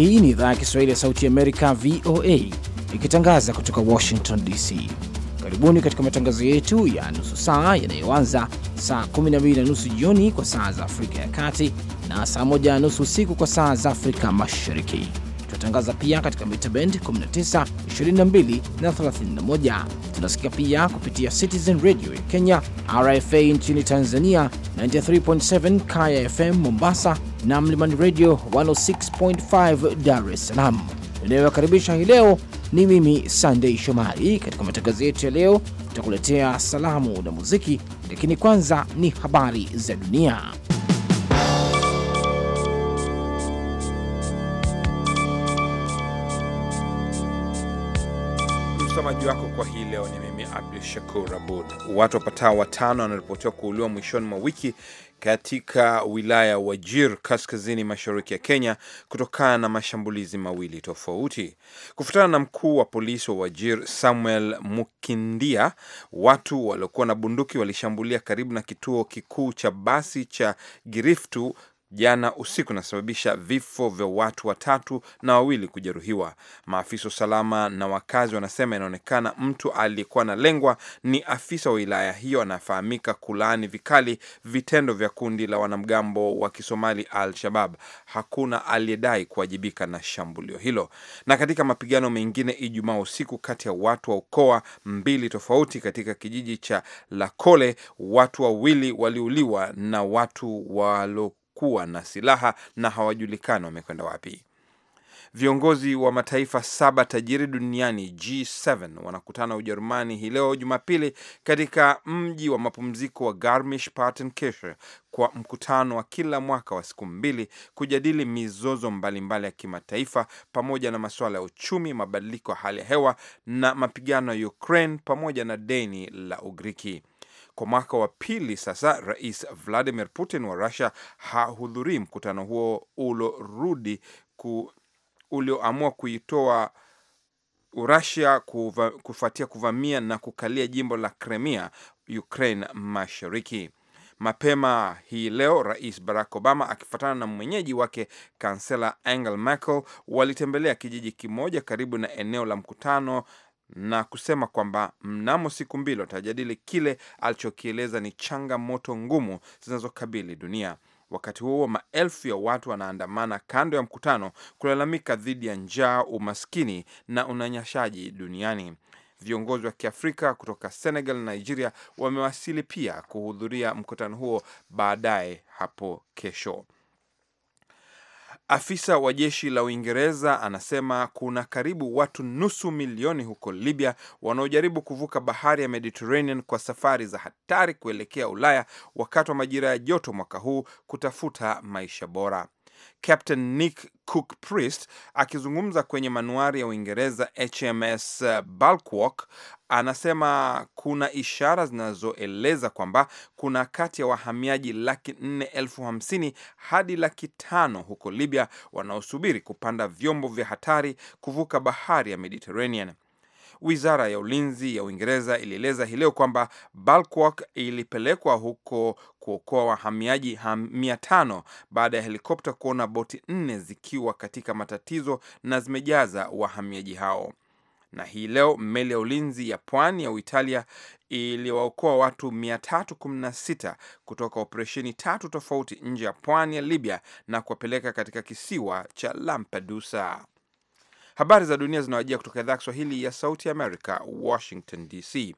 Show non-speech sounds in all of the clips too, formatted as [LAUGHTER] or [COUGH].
Hii ni idhaa ya Kiswahili ya Sauti Amerika, VOA, ikitangaza kutoka Washington DC. Karibuni katika matangazo yetu ya nusu saa yanayoanza saa 12 na nusu jioni kwa saa za Afrika ya Kati na saa 1 na nusu usiku kwa saa za Afrika Mashariki. Tunatangaza pia katika mita 1922 19, 22 na 31 tunasikika pia kupitia Citizen Radio ya Kenya, RFA nchini Tanzania 93.7, Kaya FM Mombasa na Mlimani Radio 106.5 Dar es Salaam. Inayowakaribisha hii leo ni mimi Sandei Shomari. Katika matangazo yetu ya leo, tutakuletea salamu na muziki, lakini kwanza ni habari za dunia. Msomaji wako kwa hii leo ni mimi Abdu Shakur Abud. Watu wapatao watano wanaripotiwa kuuliwa mwishoni mwa wiki katika wilaya ya Wajir kaskazini mashariki ya Kenya kutokana na mashambulizi mawili tofauti. Kufuatana na mkuu wa polisi wa Wajir Samuel Mukindia, watu waliokuwa na bunduki walishambulia karibu na kituo kikuu cha basi cha Giriftu jana usiku inasababisha vifo vya watu watatu na wawili kujeruhiwa. Maafisa usalama na wakazi wanasema inaonekana mtu aliyekuwa analengwa ni afisa wa wilaya hiyo anafahamika kulaani vikali vitendo vya kundi la wanamgambo wa Kisomali Al Shabab. Hakuna aliyedai kuwajibika na shambulio hilo. Na katika mapigano mengine Ijumaa usiku kati ya watu wa ukoa mbili tofauti katika kijiji cha Lakole, watu wawili waliuliwa na watu walo kuwa na silaha na hawajulikani wamekwenda wapi. Viongozi wa mataifa saba tajiri duniani G7 wanakutana Ujerumani hii leo Jumapili katika mji wa mapumziko wa Garmisch Partenkirche kwa mkutano wa kila mwaka wa siku mbili kujadili mizozo mbalimbali mbali ya kimataifa pamoja na masuala ya uchumi, mabadiliko ya hali ya hewa na mapigano ya Ukraine pamoja na deni la Ugiriki. Kwa mwaka wa pili sasa, Rais Vladimir Putin wa Russia hahudhurii mkutano huo ulorudi ku, ulioamua kuitoa rasia kuva, kufuatia kuvamia na kukalia jimbo la Crimea, Ukraine Mashariki. Mapema hii leo Rais Barack Obama akifuatana na mwenyeji wake Kansela Angela Merkel walitembelea kijiji kimoja karibu na eneo la mkutano na kusema kwamba mnamo siku mbili watajadili kile alichokieleza ni changamoto ngumu zinazokabili dunia. Wakati huo maelfu ya watu wanaandamana kando ya mkutano kulalamika dhidi ya njaa, umaskini na unyanyashaji duniani. Viongozi wa Kiafrika kutoka Senegal na Nigeria wamewasili pia kuhudhuria mkutano huo baadaye hapo kesho. Afisa wa jeshi la Uingereza anasema kuna karibu watu nusu milioni huko Libya wanaojaribu kuvuka bahari ya Mediterranean kwa safari za hatari kuelekea Ulaya wakati wa majira ya joto mwaka huu kutafuta maisha bora. Captain Nick Cook Priest akizungumza kwenye manuari ya Uingereza HMS eh, Bulwark anasema kuna ishara zinazoeleza kwamba kuna kati ya wahamiaji laki nne elfu hamsini hadi laki tano huko Libya wanaosubiri kupanda vyombo vya hatari kuvuka bahari ya Mediterranean. Wizara ya ulinzi ya Uingereza ilieleza hii leo kwamba Balkwak ilipelekwa huko kuokoa wahamiaji mia tano baada ya helikopta kuona boti nne zikiwa katika matatizo na zimejaza wahamiaji hao. Na hii leo meli ya ulinzi ya pwani ya Uitalia iliwaokoa watu 316 kutoka operesheni tatu tofauti nje ya pwani ya Libya na kuwapeleka katika kisiwa cha Lampedusa. Habari za dunia zinawajia kutoka idhaa Kiswahili ya Sauti ya Amerika, Washington DC.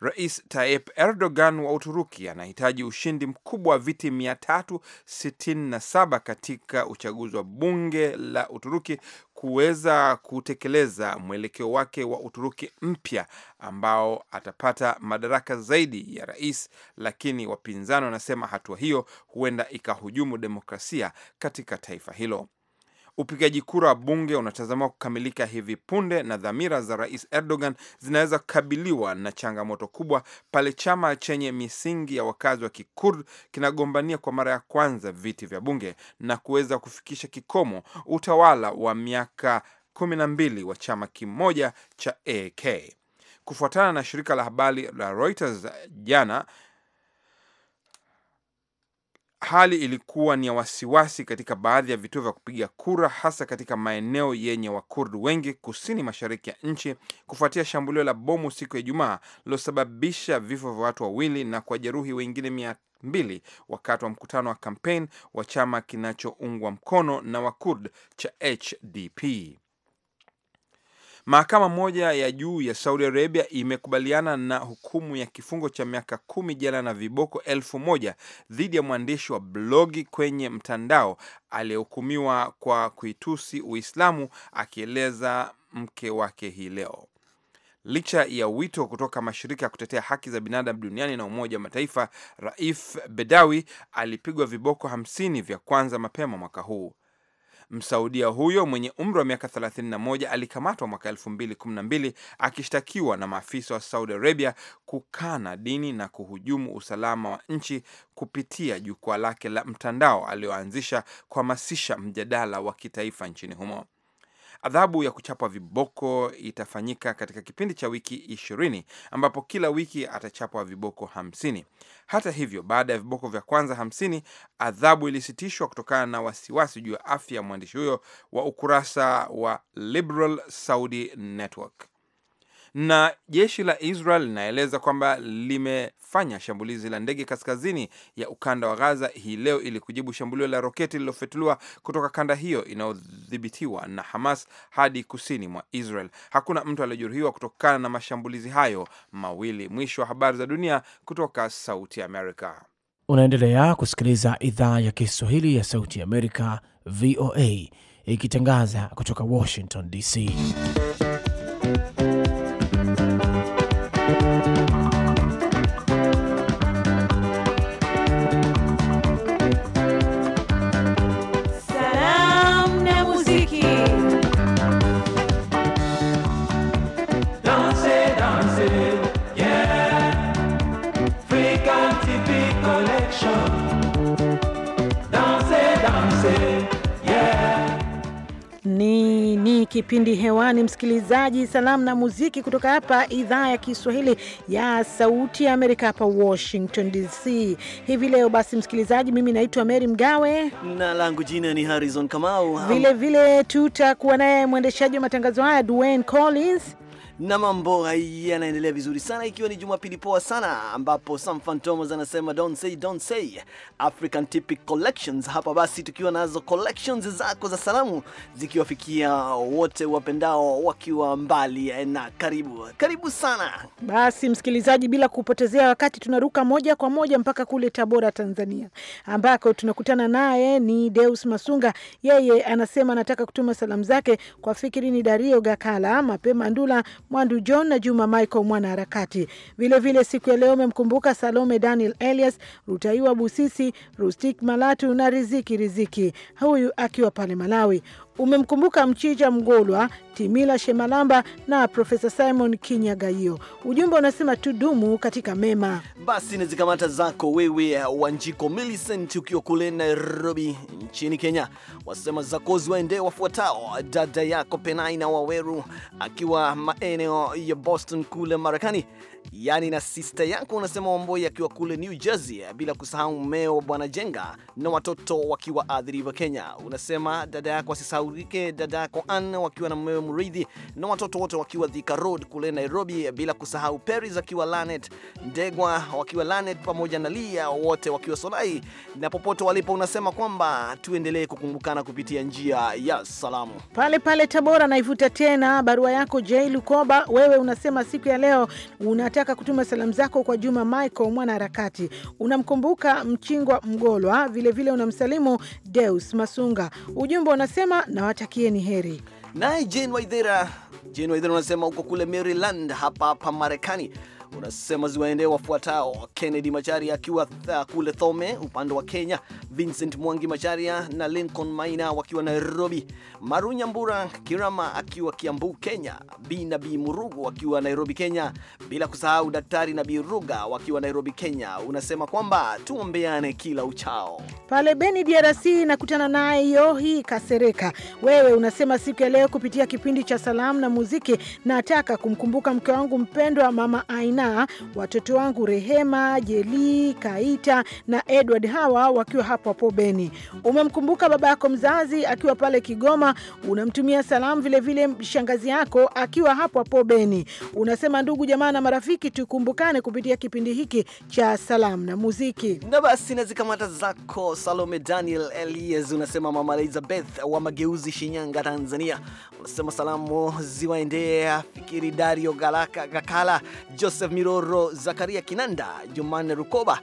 Rais Tayyip Erdogan wa Uturuki anahitaji ushindi mkubwa wa viti 367 katika uchaguzi wa bunge la Uturuki kuweza kutekeleza mwelekeo wake wa Uturuki mpya ambao atapata madaraka zaidi ya rais, lakini wapinzani wanasema hatua hiyo huenda ikahujumu demokrasia katika taifa hilo. Upigaji kura wa bunge unatazamiwa kukamilika hivi punde na dhamira za Rais Erdogan zinaweza kukabiliwa na changamoto kubwa pale chama chenye misingi ya wakazi wa Kikurd kinagombania kwa mara ya kwanza viti vya bunge na kuweza kufikisha kikomo utawala wa miaka kumi na mbili wa chama kimoja cha AK. Kufuatana na shirika la habari la Reuters jana Hali ilikuwa ni ya wasiwasi katika baadhi ya vituo vya kupiga kura, hasa katika maeneo yenye Wakurdi wengi kusini mashariki ya nchi, kufuatia shambulio la bomu siku ya Ijumaa lililosababisha vifo vya watu wawili na jeruhi wengine mia mbili wakati wa mkutano wa kampeni wa chama kinachoungwa mkono na Wakurd cha HDP. Mahakama moja ya juu ya Saudi Arabia imekubaliana na hukumu ya kifungo cha miaka kumi jela na viboko elfu moja dhidi ya mwandishi wa blogi kwenye mtandao aliyehukumiwa kwa kuitusi Uislamu, akieleza mke wake hii leo. Licha ya wito kutoka mashirika ya kutetea haki za binadamu duniani na Umoja wa Mataifa, Raif Bedawi alipigwa viboko hamsini vya kwanza mapema mwaka huu. Msaudia huyo mwenye umri wa miaka 31 alikamatwa mwaka 2012 akishtakiwa na maafisa wa Saudi Arabia kukana dini na kuhujumu usalama wa nchi kupitia jukwaa lake la mtandao aliyoanzisha kuhamasisha mjadala wa kitaifa nchini humo. Adhabu ya kuchapwa viboko itafanyika katika kipindi cha wiki ishirini ambapo kila wiki atachapwa viboko hamsini. Hata hivyo, baada ya viboko vya kwanza hamsini, adhabu ilisitishwa kutokana na wasiwasi juu ya afya ya mwandishi huyo wa ukurasa wa Liberal Saudi Network. Na jeshi la Israel linaeleza kwamba limefanya shambulizi la ndege kaskazini ya ukanda wa Gaza hii leo ili kujibu shambulio la roketi lililofetuliwa kutoka kanda hiyo inayodhibitiwa na Hamas hadi kusini mwa Israel. Hakuna mtu aliyejeruhiwa kutokana na mashambulizi hayo mawili. Mwisho wa habari za dunia kutoka Sauti Amerika. Unaendelea kusikiliza idhaa ya Kiswahili ya Sauti Amerika, VOA, ikitangaza kutoka Washington DC. kipindi hewani, msikilizaji, salamu na muziki kutoka hapa idhaa ya Kiswahili ya Sauti ya Amerika, hapa Washington DC hivi leo. Basi msikilizaji, mimi naitwa Mary Mgawe na langu jina ni Harrison Kamau. Vilevile tutakuwa naye mwendeshaji wa matangazo haya Dwayne Collins na mambo yanaendelea vizuri sana, ikiwa ni Jumapili poa sana, ambapo Sam Fantomas anasema don't say don't say African Typic Collections. Hapa basi tukiwa nazo collections zako za salamu zikiwafikia wote wapendao wakiwa mbali na karibu. Karibu sana basi, msikilizaji, bila kupotezea wakati tunaruka moja kwa moja mpaka kule Tabora, Tanzania, ambako tunakutana naye ni Deus Masunga. Yeye anasema anataka kutuma salamu zake kwa Fikirini Dario Gakala, Mapema Ndula Mwandu John na Juma Michael mwanaharakati. Vilevile siku ya leo amemkumbuka Salome Daniel Elias, Rutaiwa Busisi, Rustik Malatu na Riziki Riziki, huyu akiwa pale Malawi umemkumbuka Mchija Mgolwa, Timila Shemalamba na Profesa Simon Kinyagaio. Ujumbe unasema tudumu katika mema. Basi nizikamata zikamata zako wewe, eh, Wanjiko Millicent, ukiwa kule Nairobi nchini Kenya, wasema zakozi waendee wafuatao: dada yako Penai na Waweru akiwa maeneo ya Boston kule Marekani, yani na sista yako unasema Wamboi akiwa kule New Jersey, eh, bila kusahau mmeo Bwana Jenga na watoto wakiwa adhiriwa Kenya. Unasema dada yako asisahaulike, dada yako Ann wakiwa na mmeo Mridhi na watoto wote wakiwa Thika Road kule Nairobi, eh, bila kusahau Peris akiwa Lanet, Ndegwa wakiwa Lanet pamoja na Lia wote wakiwa Solai na popote walipo, unasema kwamba tuendelee kukumbukana kupitia njia ya salamu. Pale pale Tabora naivuta tena barua yako J Lukoba, wewe unasema siku ya leo una unataka kutuma salamu zako kwa Juma Michael mwanaharakati, unamkumbuka Mchingwa Mgolwa, vilevile unamsalimu Deus Masunga. Ujumbe unasema nawatakieni heri. Naye Jane Waithera, Jane Waithera unasema uko kule Maryland, hapa hapa Marekani unasema ziwaendee wafuatao: Kennedy Macharia akiwa kule Thome upande wa Kenya, Vincent Mwangi Macharia na Lincoln Maina wakiwa Nairobi, Maru Nyambura Kirama akiwa Kiambu, Kenya, B na B Murugu wakiwa Nairobi, Kenya, bila kusahau Daktari na Biruga Ruga wakiwa Nairobi, Kenya. Unasema kwamba tuombeane kila uchao. Pale Beni DRC nakutana naye Yohi Kasereka. Wewe unasema siku ya leo kupitia kipindi cha salamu na muziki, nataka kumkumbuka mke wangu mpendwa mama Aina na watoto wangu Rehema, Jeli, Kaita na Edward, hawa wakiwa hapo hapo Beni. Umemkumbuka baba yako mzazi akiwa pale Kigoma, unamtumia salamu vilevile vile shangazi yako akiwa hapo hapo Beni. Unasema ndugu jamaa na marafiki, tukumbukane kupitia kipindi hiki cha salamu na muziki. Na basi na zikamata zako Salome Daniel Elias, unasema mama Elizabeth wa Mageuzi, Shinyanga, Tanzania, unasema salamu ziwaendea Fikiri Dario Galaka Gakala Joseph Joseph Miroro, Zakaria Kinanda, jumane Rukoba,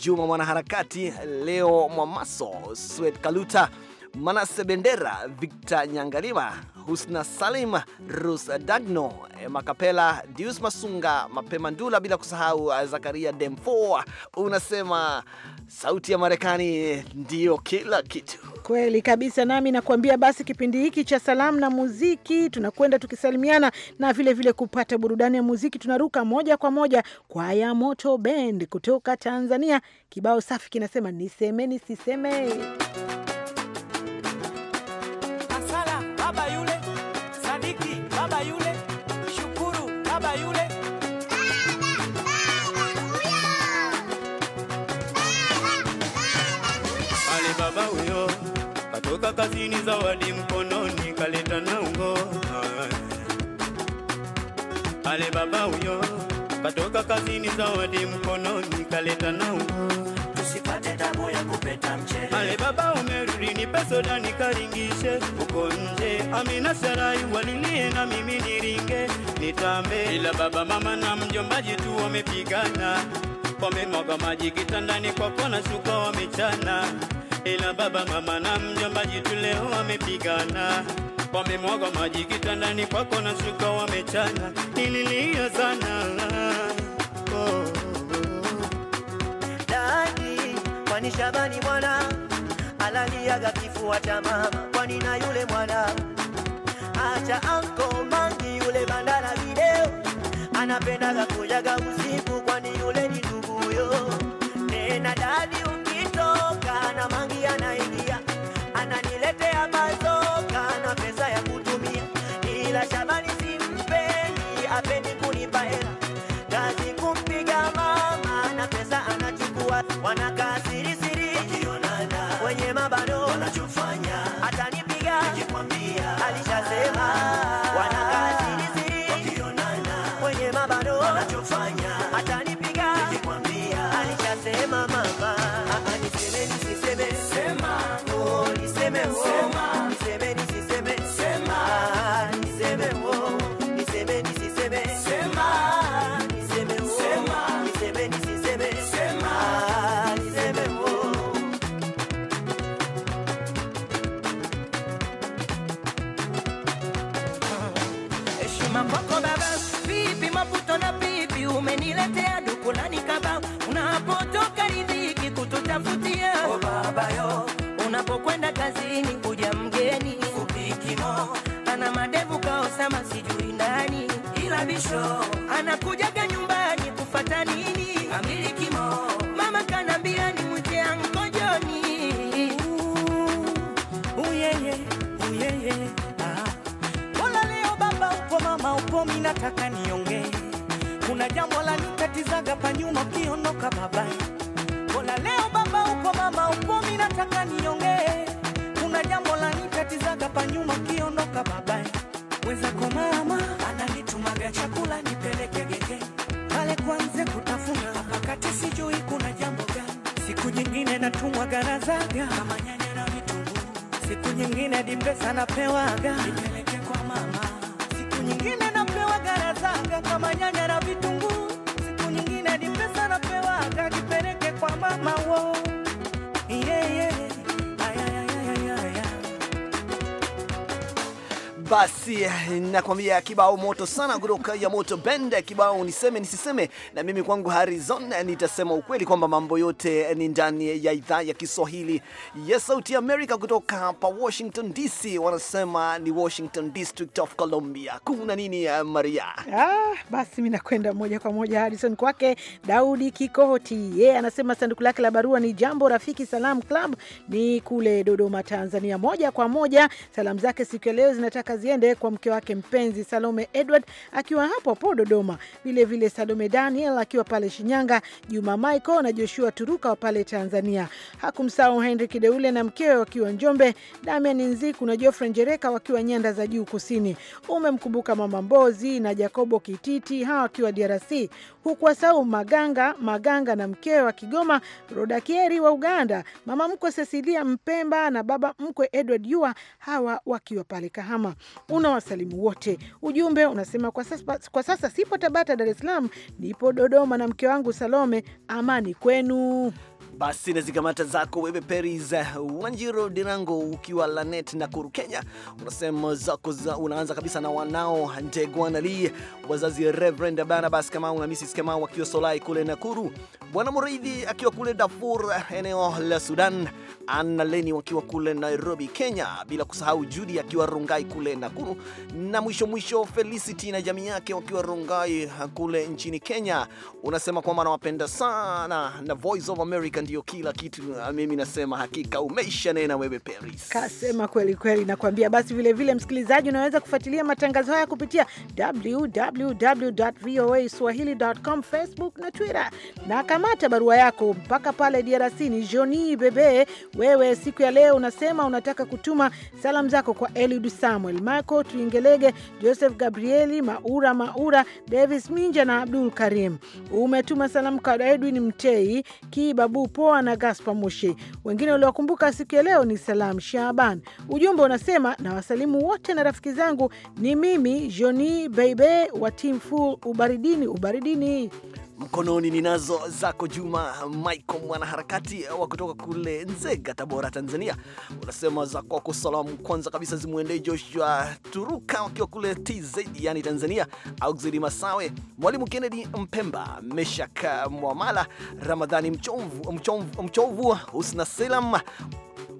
Juma Mwanaharakati, Leo Mwamaso, Swed Kaluta, Manase Bendera, Victor Nyangalima, Husna Salim, rus Dagno, Makapela, Dius Masunga, Mapema Ndula, bila kusahau uh, Zakaria Demfo. Unasema sauti ya Marekani ndiyo kila kitu. Kweli kabisa, nami nakuambia basi, kipindi hiki cha salamu na muziki tunakwenda tukisalimiana na vilevile vile kupata burudani ya muziki. Tunaruka moja kwa moja kwa ya Moto Bend kutoka Tanzania, kibao safi kinasema nisemeni siseme baba yule. Ale baba huyo katoka kazini, zawadi mkononi kaleta Ale baba huyo katoka kazini, zawadi mkononi kaleta na ungo kupeta mchele. Ale baba umerudi, nipe soda nikaringishe. Uko nje Amina Sarai walilie na mimi niringe nitambe, ila baba mama na mjombaji tu wamepigana, wamemwaga maji kitandani kwa kona, shuka wamechana, ila baba mama na mjombaji tu leo wamepigana wamemwaga maji kitandani kwako na shuka wamechana, nililia sana Shani Shabani wana alaliaga kifua cha mama kwani nayo kama sijui nani, ila bisho anakujaga nyumbani kufata nini? Amilikimo mama kanambia ni mwite angojoni uyeye uyeye, mbona ah. Leo baba upo mama upo, mi nataka niongee, kuna jambo la nitatizaga pa nyuma ukiondoka babai nyingine natumwa garazaga kama nyanya na vitunguu, siku nyingine hadi pesa napewaga nipeleke kwa mama, siku nyingine napewa garazaga kama nyanya na vitunguu, siku nyingine hadi pesa napewaga nipeleke kwa mama wo Basi nakwambia kibao moto sana kutoka ya moto bende, kibao niseme nisiseme. Na mimi kwangu Harizon, nitasema ukweli kwamba mambo yote ni ndani ya idhaa ya Kiswahili ya yes, Sauti America kutoka hapa Washington DC. Wanasema ni Washington District of Columbia. Kuna nini eh, Maria? Ah, basi mimi nakwenda moja kwa moja Harrison kwake Daudi Kikoti. Yeye yeah, anasema sanduku lake la barua ni Jambo Rafiki Salam Club, ni kule Dodoma, Tanzania. Moja kwa moja salamu zake siku ya leo zinataka ziende kwa mke wake mpenzi Salome Edward akiwa hapo hapo Dodoma, vilevile Salome Daniel akiwa pale Shinyanga, Juma Michael na Joshua Turuka wa pale Tanzania. Hakumsahau Henry Kideule na mkewe wakiwa Njombe, Damian Nziku na Geoffrey Njereka wakiwa nyanda za juu kusini. Umemkumbuka Mama Mbozi na Jacobo Kititi, hawa wakiwa DRC, huku wasahau Maganga Maganga na mkewe wa Kigoma, Rodakieri wa Uganda, mama mkwe Cecilia Mpemba na baba mkwe Edward Yua, hawa wakiwa pale Kahama unawasalimu wote. Ujumbe unasema kwa sasa, kwa sasa sipo Tabata, Dar es Salaam, nipo Dodoma na mke wangu Salome. Amani kwenu. Basi nazikamata zako wewe Paris eh, Wanjiro Dirango ukiwa Lanet na Kuru, Kenya. Unasema zako za, unaanza kabisa na wanao Ntegwanali, wazazi Reverend Barnabas Kamau na Mrs Kamau akiwa Solai kule Nakuru, Bwana Muridhi akiwa kule Darfur eneo la Sudan, Anna Leni wakiwa kule Nairobi, Kenya, bila kusahau Judy akiwa Rongai kule Nakuru, na mwisho mwisho Felicity na jamii yake wakiwa Rongai eh, kule nchini Kenya. Unasema kwamba anawapenda sana na Voice of America ndio kila kitu. Ah, mimi nasema hakika umeisha nena wewe Paris, kasema kweli kweli, nakwambia. Basi vilevile, msikilizaji, unaweza kufuatilia matangazo haya kupitia www.voaswahili.com, Facebook na Twitter, na kamata barua yako mpaka pale DRC. Ni Joni Bebe, wewe siku ya leo unasema unataka kutuma salamu zako kwa Eliud Samuel, Marco Tuingelege, Joseph Gabrieli, Maura Maura, Davis Minja na Abdul Karim. Umetuma salamu kwa Edwin Mtei Kibabu Poa na gaspa Moshe. Wengine waliokumbuka siku ya leo ni Salam Shaban. Ujumbe unasema na wasalimu wote na rafiki zangu, ni mimi Joni Beibe wa Team Full, ubaridini ubaridini mkononi ninazo zako Juma Maiko, mwanaharakati wa kutoka kule Nzega, Tabora, Tanzania. Unasema za kwako salamu kwanza kabisa zimwendee Joshua Turuka wakiwa kule TZ, yani Tanzania, Auxili Masawe, Mwalimu Kennedy Mpemba, Meshak Mwamala, Ramadhani Mchovu, Husna Selam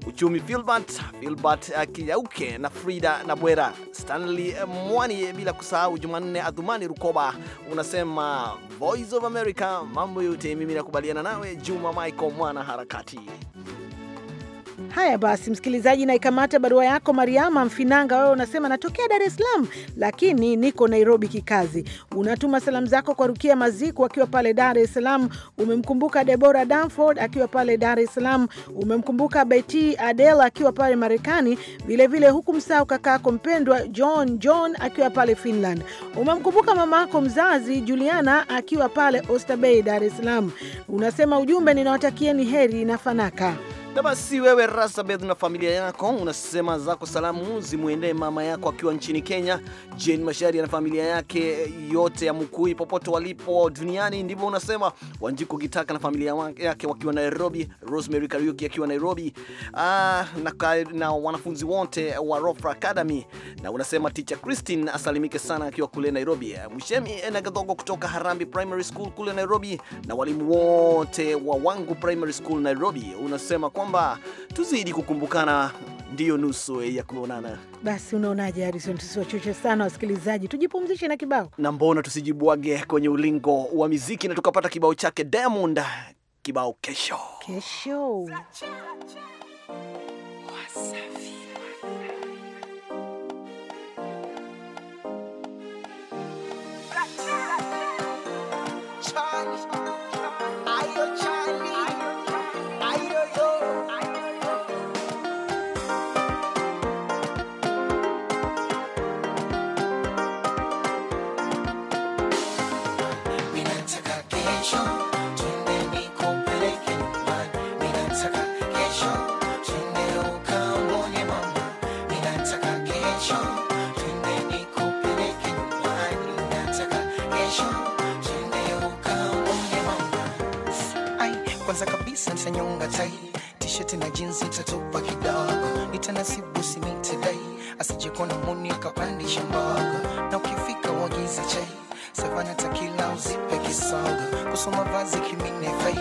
uchumi Filbert Filbert Kiyauke na Frida na Bwera Stanley Mwani, bila kusahau Jumanne Adhumani Rukoba. Unasema Voice of America, mambo yote mimi nakubaliana nawe. Juma Michael mwana harakati Haya basi, msikilizaji, naikamata barua yako Mariama Mfinanga. Wewe unasema natokea Dar es Salaam, lakini niko Nairobi kikazi. Unatuma salamu zako kwa Rukia Maziku akiwa pale Dar es Salaam, umemkumbuka Debora Danford akiwa pale Dar es Salaam, umemkumbuka Beti Adel akiwa pale Marekani, vilevile huku msao kakaako mpendwa John John akiwa pale Finland, umemkumbuka mamako mzazi Juliana akiwa pale Oysterbay Dar es Salaam. Unasema ujumbe, ninawatakieni heri na fanaka. Na basi wewe rasa Rasabeth na familia yako unasema zako salamu zimwendee mama yako akiwa nchini Kenya, Jane mashari na familia yake yote ya Mukui popote walipo duniani, ndivyo unasema. wanjiko Kitaka na familia yake wakiwa Nairobi, Rosemary Kariuki akiwa Nairobi, ah, na, na wanafunzi wote wa Rofra Academy, na unasema teacher Christine asalimike sana akiwa kule Nairobi, Mshemi Enagadhogo kutoka Harambi Primary School kule Nairobi, na walimu wote wa Wangu Primary School Nairobi, unasema kwa kwamba tuzidi kukumbukana, ndiyo nusu ya kuonana. Basi unaonaje, Harison? Tusiwachoche sana wasikilizaji, tujipumzishe na kibao, na mbona tusijibwage kwenye ulingo wa miziki na tukapata kibao chake Diamond, kibao kesho kesho. nitanyonga tai tisheti na jinsi itatupa kidogo, nitanasibu simiti muni akapandisha mbogo, na ukifika uagize chai savana takila uzipe kisogo, kusoma vazi kimine fai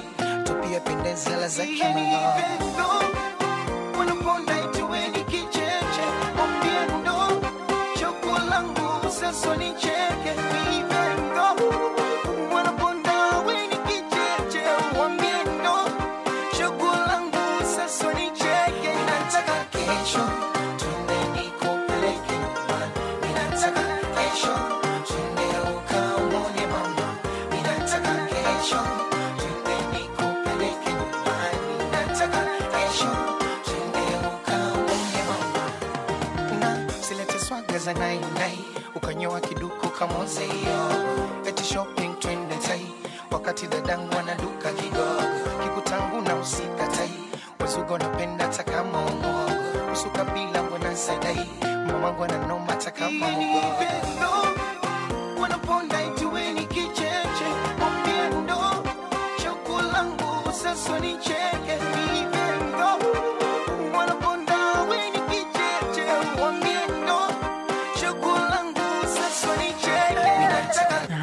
tupia pendezi za kimanogo wanaponda kicheche, mwambie ndo choko Come on, say you.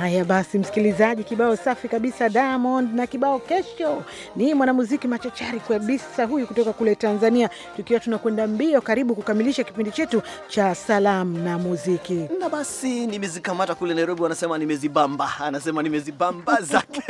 Haya basi, msikilizaji, kibao safi kabisa Diamond na kibao kesho. Ni mwanamuziki machachari kabisa huyu kutoka kule Tanzania, tukiwa tunakwenda mbio karibu kukamilisha kipindi chetu cha salamu na muziki. Na basi nimezikamata kule Nairobi, wanasema nimezibamba, anasema nimezibamba [LAUGHS] zake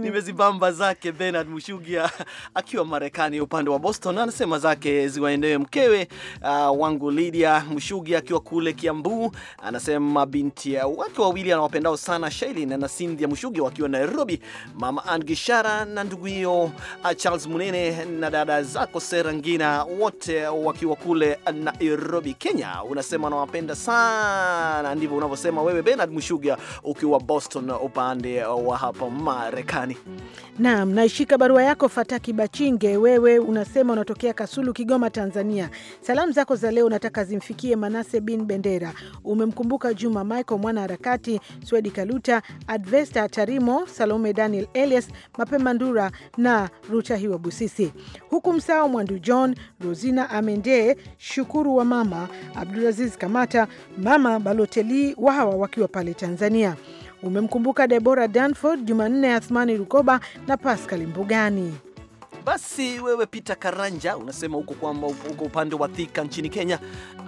nimezibamba zake Bernard Mushugia akiwa Marekani upande wa Boston, anasema zake ziwaendewe mkewe uh, wangu Lydia Mushugia akiwa kule Kiambu, anasema binti wake wawili anawapendao sana Shailin na Cynthia Mushuge wakiwa Nairobi, mama Ann Gishara na ndugu hiyo ah, Charles Munene na dada zako Serangina wote wakiwa kule Nairobi, Kenya. Unasema anawapenda sana, ndivyo unavyosema wewe Bernard Mushuge ukiwa Boston upande wa hapa Marekani. Naam, naishika barua yako Fataki Bachinge. Wewe unasema unatokea Kasulu, Kigoma, Tanzania. Salamu zako za leo nataka zimfikie Manase bin Bendera, umemkumbuka Juma Michael mwana harakati kati, Swedi Kaluta, Advesta Tarimo, Salome Daniel Elias, Mapema Ndura na ruta hiwa Busisi, huku Msao Mwandu John, Rosina Amende, Shukuru wa mama Abdulaziz Kamata, mama Baloteli Wahawa wakiwa pale Tanzania. Umemkumbuka Debora Danford, Jumanne Athmani Rukoba na Pascal Mbugani. Basi wewe Peter Karanja unasema huko kwamba uko upande wa Thika nchini Kenya,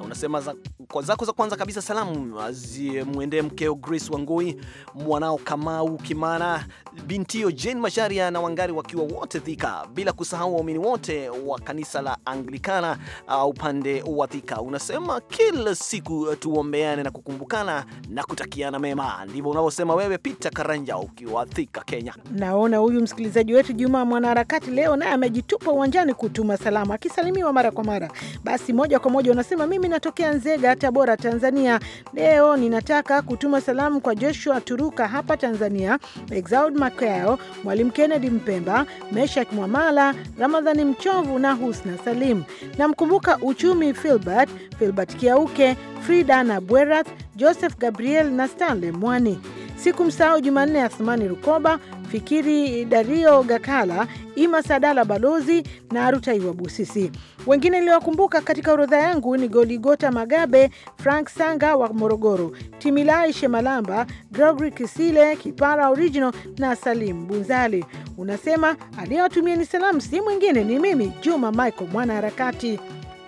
unasema zako za, za kwanza kabisa salamu azimwendee mkeo Grace Wangui, mwanao Kamau Kimana, bintio Jane Masharia na Wangari wakiwa wote Thika, bila kusahau waumini wote wa kanisa la Anglikana uh, upande wa Thika. Unasema kila siku tuombeane na kukumbukana na kutakiana mema. Ndivyo unavyosema wewe Peter Karanja ukiwa Thika, Kenya. Naona huyu msikilizaji wetu Juma mwanaharakati leo na ambaye amejitupa uwanjani kutuma salamu akisalimiwa mara kwa mara. Basi moja kwa moja unasema mimi natokea Nzega, Tabora, Tanzania. Leo ninataka kutuma salamu kwa Joshua Turuka hapa Tanzania, Exaud Macao, Mwalimu Kennedy Mpemba, Meshak Mwamala, Ramadhani Mchovu na Husna Salim. Namkumbuka Uchumi Filbert, Filbert Kiauke, Frida na Bwerath, Joseph Gabriel na Stanley Mwani. Sikumsahau Jumanne Athmani Rukoba Fikiri Dario Gakala, Ima Sadala Balozi na Rutaiwa Busisi. Wengine niliwakumbuka katika orodha yangu ni Goligota Magabe, Frank Sanga wa Morogoro, Timilai Shemalamba, Gregory Kisile, Kipara Original na Salim Bunzali. Unasema aliyewatumia ni salamu, si mwingine ni mimi Juma Michael, mwanaharakati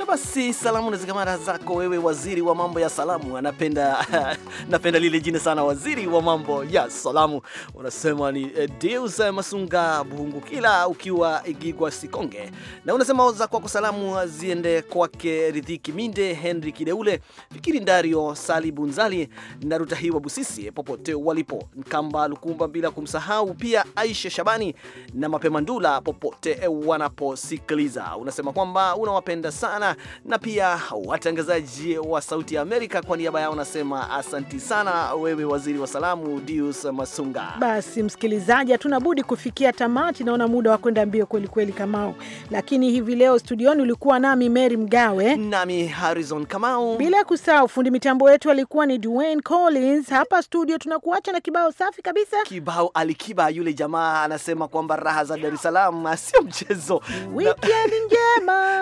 basi salamu na zikamara zako wewe, waziri wa mambo ya salamu. Anapenda [LAUGHS] napenda lile jina sana, waziri wa mambo ya salamu. Unasema ni eh, Deus Masunga Buhungukila, ukiwa Igigwa Sikonge, na unasema za kwako salamu ziende kwake Ridhiki Minde, Henry Kideule, Fikiri Ndario, Sali Bunzali na Rutahiwa Busisi, popote walipo, Nkamba Lukumba, bila kumsahau pia Aisha Shabani na Mapema Ndula, popote wanaposikiliza. Unasema kwamba unawapenda sana na pia watangazaji wa Sauti ya Amerika. Kwa niaba yao nasema asanti sana wewe waziri wa salamu Dius Masunga. Basi msikilizaji, hatuna budi kufikia tamati. Naona muda wa kwenda mbio kwelikweli Kamao, lakini hivi leo studioni ulikuwa nami Mary Mgawe nami Harrison Kamau, bila kusahau fundi mitambo wetu alikuwa ni Dwayne Collins. Hapa studio tunakuacha na kibao safi kabisa, kibao Alikiba. Yule jamaa anasema kwamba raha za Dar es Salaam [LAUGHS] sio mchezo. Weekend njema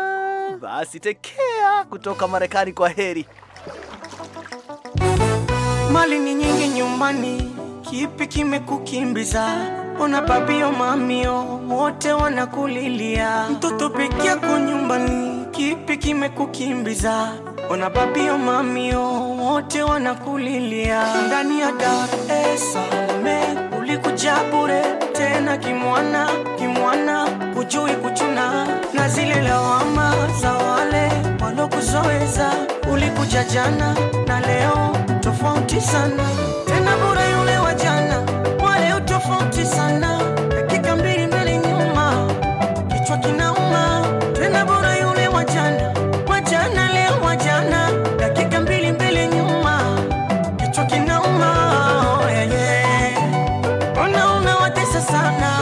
basi tekea kutoka Marekani, kwa heri. Mali ni nyingi nyumbani, kipi kimekukimbiza? Ona babio mamio wote wanakulilia, mtoto peke yako nyumbani, kipi kimekukimbiza? Ona babio mamio wote wanakulilia, ndani ya Dar es Salaam ulikuja bure, tena kimwana kimwana hujui kuchuna na zile lawama za wale walokuzoeza. Ulikuja jana na leo tofauti sana, tena bora yule wa jana, wa leo tofauti sana, dakika mbili mbele nyuma, kichwa kinauma. Tena bora yule wa jana, wa jana, leo wa jana, dakika mbili mbele nyuma, kichwa kinauma. Yeah, yeah. Ona unawatesa sana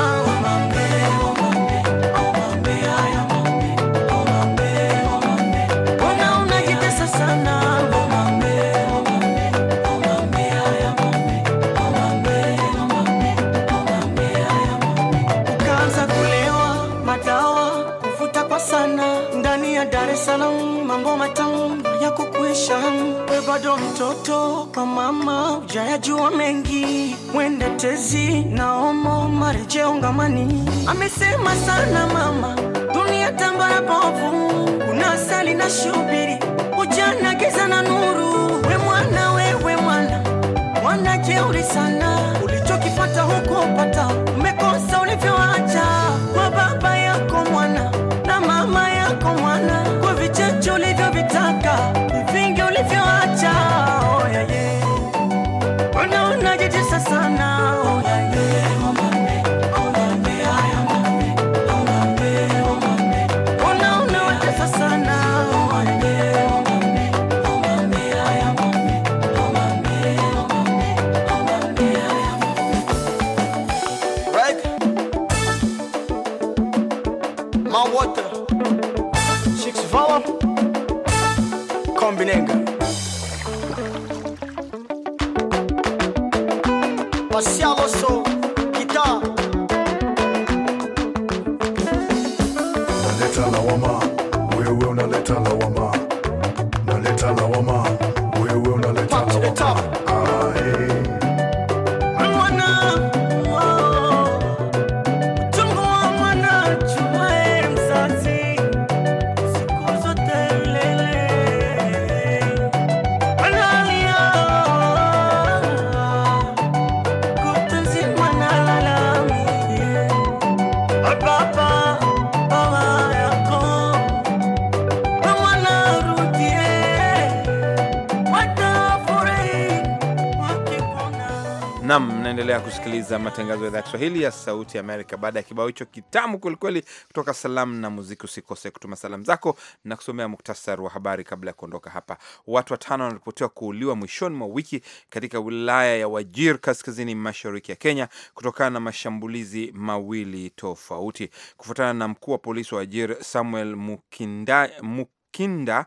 Najua mengi tezi na omo marejeo ngamani amesema sana mama, dunia tamba ya bovu, kuna asali na shubiri, ujana giza na nuru. We mwana, wewe mwana, mwana jeuri sana, ulichokipata huko upata, umekosa ulivyoacha kwa baba yako mwana na mama yako mwana, kwa vichache ulivyovitaka Unaendelea kusikiliza matangazo ya idhaa ya Kiswahili ya Sauti Amerika. Baada ya kibao hicho kitamu kwelikweli kutoka Salamu na Muziki, usikose kutuma salamu zako na kusomea muktasar wa habari kabla ya kuondoka hapa. Watu watano wanaripotiwa kuuliwa mwishoni mwa wiki katika wilaya ya Wajir, kaskazini mashariki ya Kenya, kutokana na mashambulizi mawili tofauti. Kufuatana na mkuu wa polisi wa Wajir Samuel Mukinda, Mukinda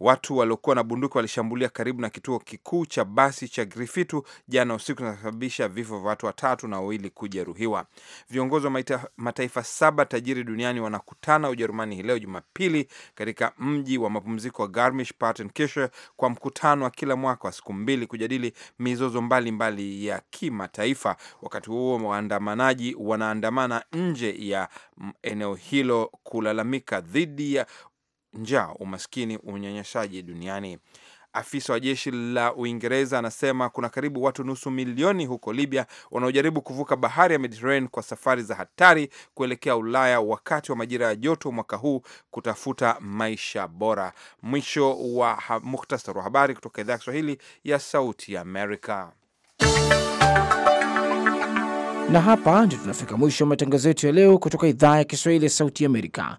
Watu waliokuwa na bunduki walishambulia karibu na kituo kikuu cha basi cha Grifitu jana usiku na kusababisha vifo vya watu watatu na wawili kujeruhiwa. Viongozi wa mataifa saba tajiri duniani wanakutana Ujerumani hii leo Jumapili katika mji wa mapumziko wa Garmisch Partenkirchen kwa mkutano wa kila mwaka wa siku mbili kujadili mizozo mbalimbali mbali ya kimataifa. Wakati huo waandamanaji wanaandamana nje ya eneo hilo kulalamika dhidi ya njaa, umaskini, unyanyasaji duniani. Afisa wa jeshi la Uingereza anasema kuna karibu watu nusu milioni huko Libya wanaojaribu kuvuka bahari ya Mediterranean kwa safari za hatari kuelekea Ulaya wakati wa majira ya joto mwaka huu kutafuta maisha bora. Mwisho wa muhtasari wa habari kutoka idhaa ya Kiswahili ya Sauti ya Amerika. Na hapa ndio tunafika mwisho wa matangazo yetu ya leo kutoka idhaa ya Kiswahili ya Sauti ya Amerika.